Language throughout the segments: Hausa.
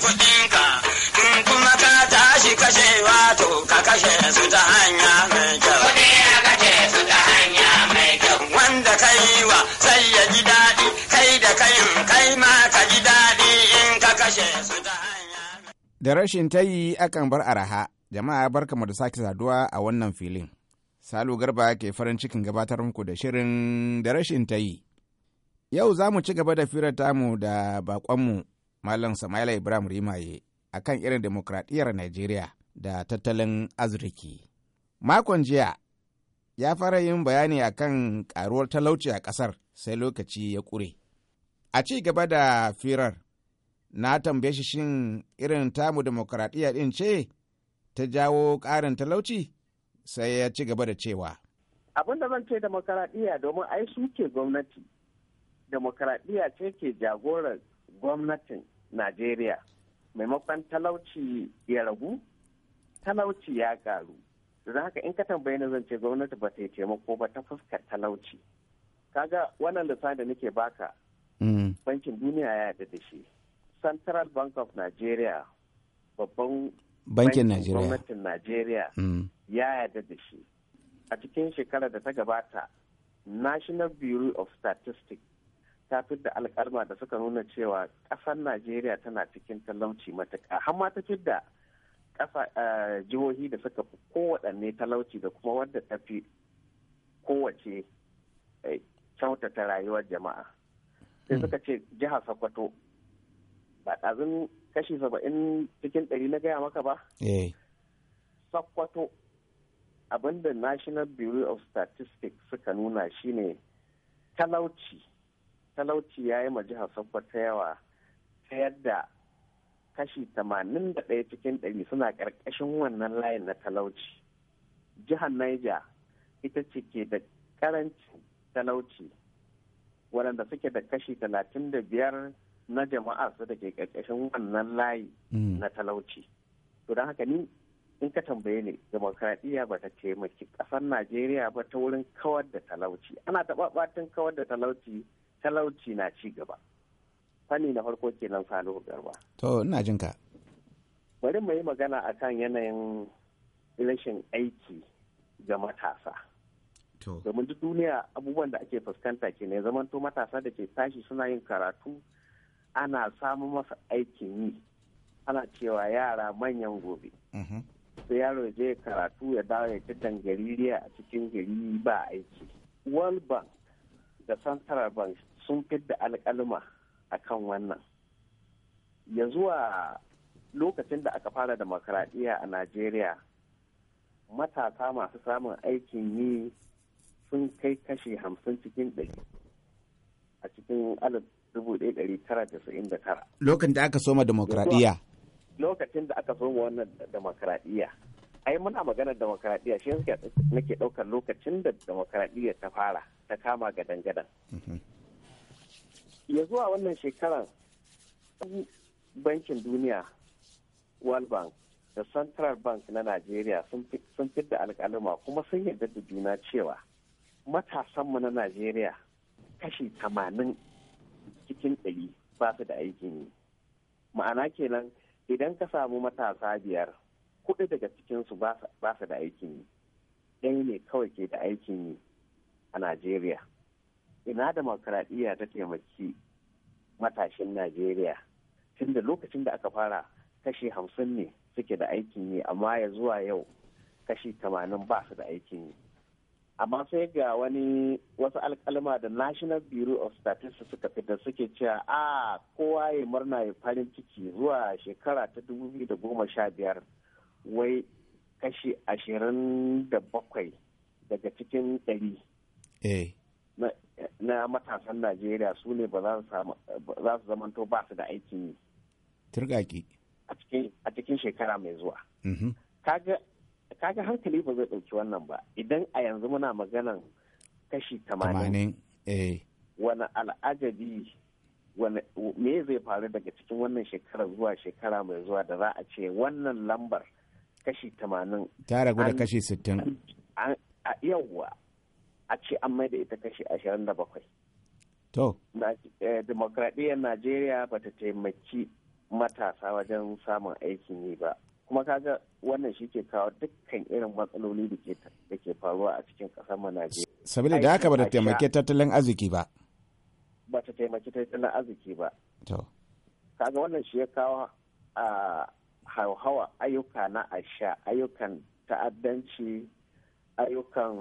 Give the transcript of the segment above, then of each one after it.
sami in kuma ka tashi kashe wato ka kashe su ta hanya mai kyau. Wanda ka yi wa sai ya ji daɗi kai da kayin kai ma ka ji daɗi in ka kashe su ta hanya. Da rashin tayi akan bar araha jama'a barkamu da sake saduwa a wannan filin. Salu Garba ke farin cikin gabatar muku da shirin da rashin tayi. Yau za mu ci gaba da firar tamu da bakonmu Malam Samaila Ibrahim Rimaye kan irin demokradiyyar Najeriya da tattalin arziki. Makon jiya ya fara yin bayani a kan karuwar talauci a ƙasar sai lokaci ya ƙure. A ci gaba da firar, na tambaye shi shin irin tamu demokradiyya ɗin ce ta jawo ƙarin talauci sai ya ci gaba da cewa. Abin da zan ce demokradiyya domin ai su gwamnati, demokradiyya ce ke jagorar gwamnatin najeriya maimakon talauci ya ragu talauci ya karu don haka in ka tambayi ni zan gwamnati ba ta yi taimako ba ta fuskar talauci kaga wannan da da nake baka mm. bankin duniya ya yarda da shi central bank of nigeria babban bankin gwamnatin nigeria mm. ya yada da shi a cikin shekarar da ta gabata national bureau of statistics ta fidda alkalma da suka nuna cewa ƙasar najeriya tana cikin talauci matuƙa har ma ta fidda ƙasa eh, jihohi da suka fi kowaɗanne talauci da kuma wadda ta fi kowace eh, kyautata rayuwar jama'a sai suka ce jiha sokoto ba ɗazin kashi saba'in cikin ɗari na gaya maka ba eh. sokoto abinda national bureau of statistics suka nuna shine talauci talauci ya yi ma jihar sokoto yawa ta yadda kashi tamanin cikin ɗari suna ƙarƙashin wannan layin na talauci jihar niger ita ce ke da ƙarancin talauci waɗanda suke da kashi talatin da biyar na jama'a su da ke ƙarƙashin wannan layi mm. na talauci to don haka ni in ka tambaye ne demokradiyya ba ta taimaki ƙasar najeriya ba ta wurin kawar da talauci ana taɓaɓatin kawar da talauci talauci na ci gaba fanni na farko ke kenan salihu garba to ina jin ka bari mu yi magana akan yanayin rashin aiki ga matasa domin duk duniya abubuwan da ake fuskanta ke ne zamanto matasa da ke tashi suna yin karatu ana samun masa aikin yi ana cewa yara manyan gobe mm-hmm. sai yaro je karatu ya dawo ya ci dangaririya a cikin gari ba aiki world bank da central bank sun fidda alƙalma a kan wannan ya zuwa lokacin da aka fara demokradiyya a najeriya matasa masu samun aikin yi sun kai kashi hamsin cikin ɗari a cikin alif dubu ɗaya ɗari tara da tara lokacin da aka soma demokradiyya lokacin da aka soma wannan demokradiyya ai muna maganar demokradiyya shi yanzu nake ɗaukar lokacin da demokradiyya ta fara ta kama gadan-gadan mhm. ya zuwa wannan shekarar bankin duniya world bank da central bank na najeriya sun fidda alkalima kuma sun yarda da juna cewa matasanmu na najeriya kashi tamanin cikin ɗari ba su da aikin yi ma'ana kenan idan ka samu matasa biyar kuɗi daga cikinsu ba su da aikin yi ɗaya ne kawai ke da aikin yi a najeriya ina makaradiyya ta taimaki matashin najeriya da lokacin da aka fara kashi hamsin ne suke da aikin yi amma ya zuwa yau kashi tamanin ba su da aikin yi amma sai ga wani wasu alkalma da national bureau of statistics suka fitar suke cewa a kowa ya murna ya farin ciki zuwa shekara ta goma sha biyar wai kashi ashirin da bakwai daga cikin 100 na matasan najeriya su ne ba za su zamanto ba su da aikin yi turgaki a cikin shekara mai zuwa mm-hmm. kaga hankali ba zai ɗauki wannan ba idan a yanzu muna maganan kashi tamanin eh. wani al'ajabi me zai faru daga cikin wannan shekara zuwa shekara mai zuwa da za a ce wannan lambar kashi tamanin ta ragu da kashi sittin yauwa a ce an mai da ita kashi ashirin da bakwai. To. Eh, demokradiyyar Najeriya ba ta taimaki matasa wajen samun aikin yi ba. Kuma kaga wannan shi ke kawo dukkan irin matsaloli da ke faruwa a cikin ƙasar mu Najeriya. Sabili da haka ba ta taimaki tattalin arziki ba. Ba ta taimaki tattalin arziki ba. To. Kaga wannan shi ya kawo a hauhawa ayyuka na asha ayyukan ta'addanci ayyukan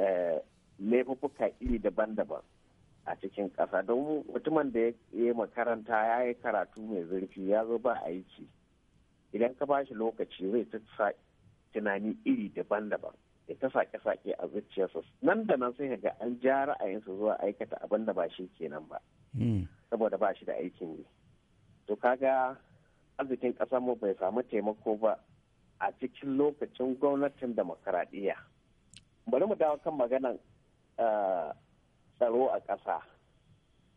Eh, laifuffuka iri daban-daban a cikin ƙasa don mutumin da ya yi makaranta ya yi karatu mai zurfi ya zo ba aiki idan ka bashi lokaci zai ta sa tunani iri daban-daban ya ta sake-sake a zuciyarsa nan da nan sai ka ga an ja ra'ayinsa zuwa aikata abin da ba shi kenan ba hmm. saboda ba shi da aikin yi to kaga arzikin ƙasar mu bai samu taimako ba a cikin lokacin gwamnatin demokaradiyya bari mu dawo kan maganan eh, tsaro a ƙasa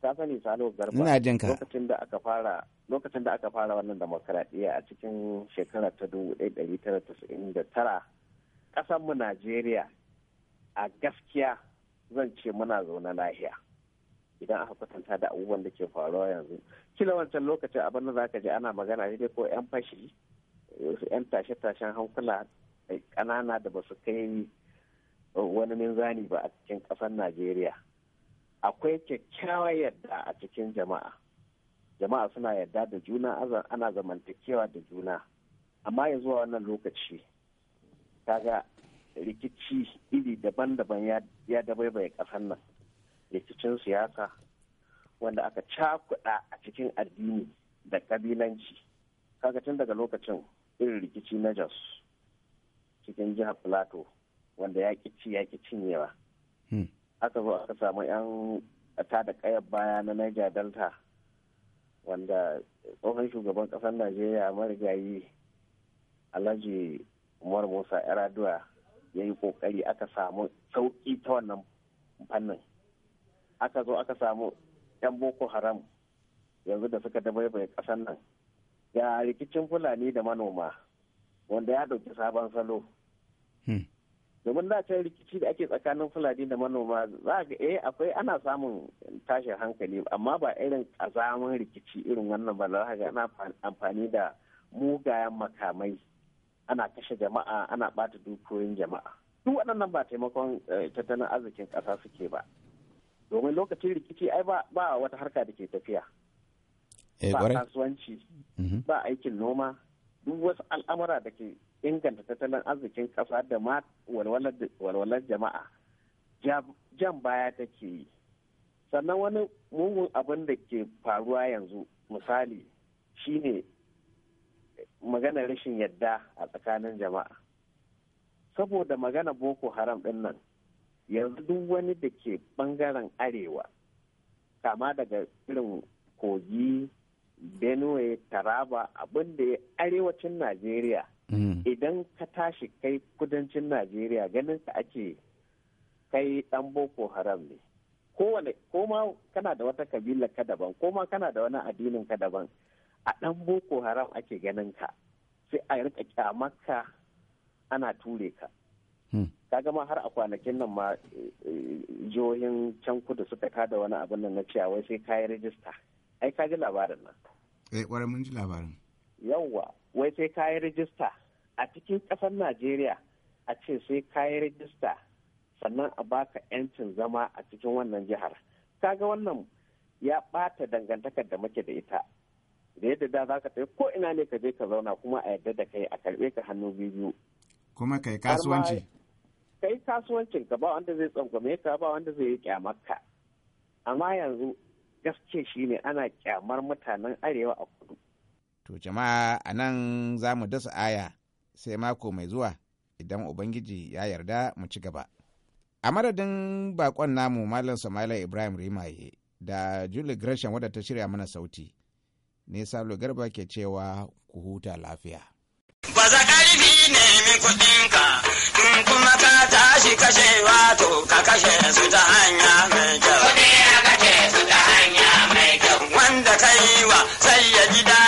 ta sani salo garba lokacin da aka fara lokacin da aka fara wannan demokradiyya a cikin shekara ta 1999 ƙasar mu Najeriya a gaskiya zan ce muna zaune lahiya idan aka kwatanta da abubuwan da ke faruwa yanzu kila wancan lokacin abin da za ka ji ana magana dai ko 'yan fashi 'yan tashe-tashen hankula ƙanana da ba su kai wani minzani ba a cikin ƙasar najeriya akwai kyakkyawa yadda a cikin jama'a jama'a suna yadda da juna ana zamantakewa da juna amma ya zuwa wannan lokaci kaga rikici iri daban-daban ya dabaibaye ƙasar nan rikicin siyasa wanda aka cakuɗa a cikin addini da ƙabilanci kaga tun daga lokacin irin rikici na jos cikin jihar plateau wanda ya ci ya ki cinyewa hmm. aka zo aka samu yan ta da kayar baya na niger delta wanda tsohon shugaban kasar najeriya marigayi alhaji umar musa yaraduwa ya yi kokari aka samu sauki ta wannan fannin aka zo aka samu 'yan boko haram yanzu da suka bai kasar nan ya rikicin fulani da manoma wanda ya ɗauki sabon salo hmm. domin da can rikici da ake tsakanin fulani da manoma za ga eh akwai ana samun tashin hankali amma ba irin kazaman rikici irin wannan ba za ga ana amfani da mugayen makamai ana kashe jama'a ana bata dukiyoyin jama'a duk waɗannan ba taimakon eh, tattalin arzikin ƙasa suke ba domin lokacin rikici ai ba wata harka da ke tafiya eh, ba kasuwanci mhm. ba aikin noma duk wasu al'amura da ke inganta tattalin arzikin kasa da ma walwalar jama'a jan baya take yi sannan wani mugun abin da ke faruwa yanzu misali shine maganar rashin yadda a tsakanin jama'a saboda magana boko haram din nan yanzu duk wani da ke bangaren arewa kama daga irin kogi benue taraba abin da ya arewacin najeriya Mm. idan ka tashi kai kudancin najeriya ganin ka ake kai dan boko haram ne kowane ko ma kana da wata kabila ka daban ko ma kana da wani addinin ka daban a dan boko haram ake ganin ka sai a rika kyamaka ana ture ka mm. ka gama har a kwanakin nan ma eh, eh, jihohin can kudu suka kada wani abin na cewa wai sai kayan rajista ai ka ji labarin nan eh mun ji labarin yawwa wai sai rajista a cikin ƙasar najeriya a ce sai kayi rajista sannan a baka 'yancin zama a cikin wannan jihar kaga wannan ya ɓata dangantakar da muke da ita da yadda da za ka tafi ko ina ne ka je ka zauna kuma a yadda da kai a karbe ka hannu biyu kuma kai kasuwanci kai kasuwancin ka ba wanda zai tsangwame ka ba wanda zai yi kyamarka amma yanzu gaske shine ana kyamar mutanen arewa a kudu to jama'a a za mu dasa aya sai mako mai zuwa idan ubangiji ya yarda mu ci gaba a madadin bakon namu malam samala ibrahim rimaye da julie gresham wadda ta shirya mana sauti ne salo garba ke cewa ku huta lafiya baza ƙarfi nemi kuɗinka in kuma ka tashi kashe wato ka kashe su ta hanya mai kyau kuɗi ya kashe su ta hanya mai kyau wanda ka yi wa sai ya ji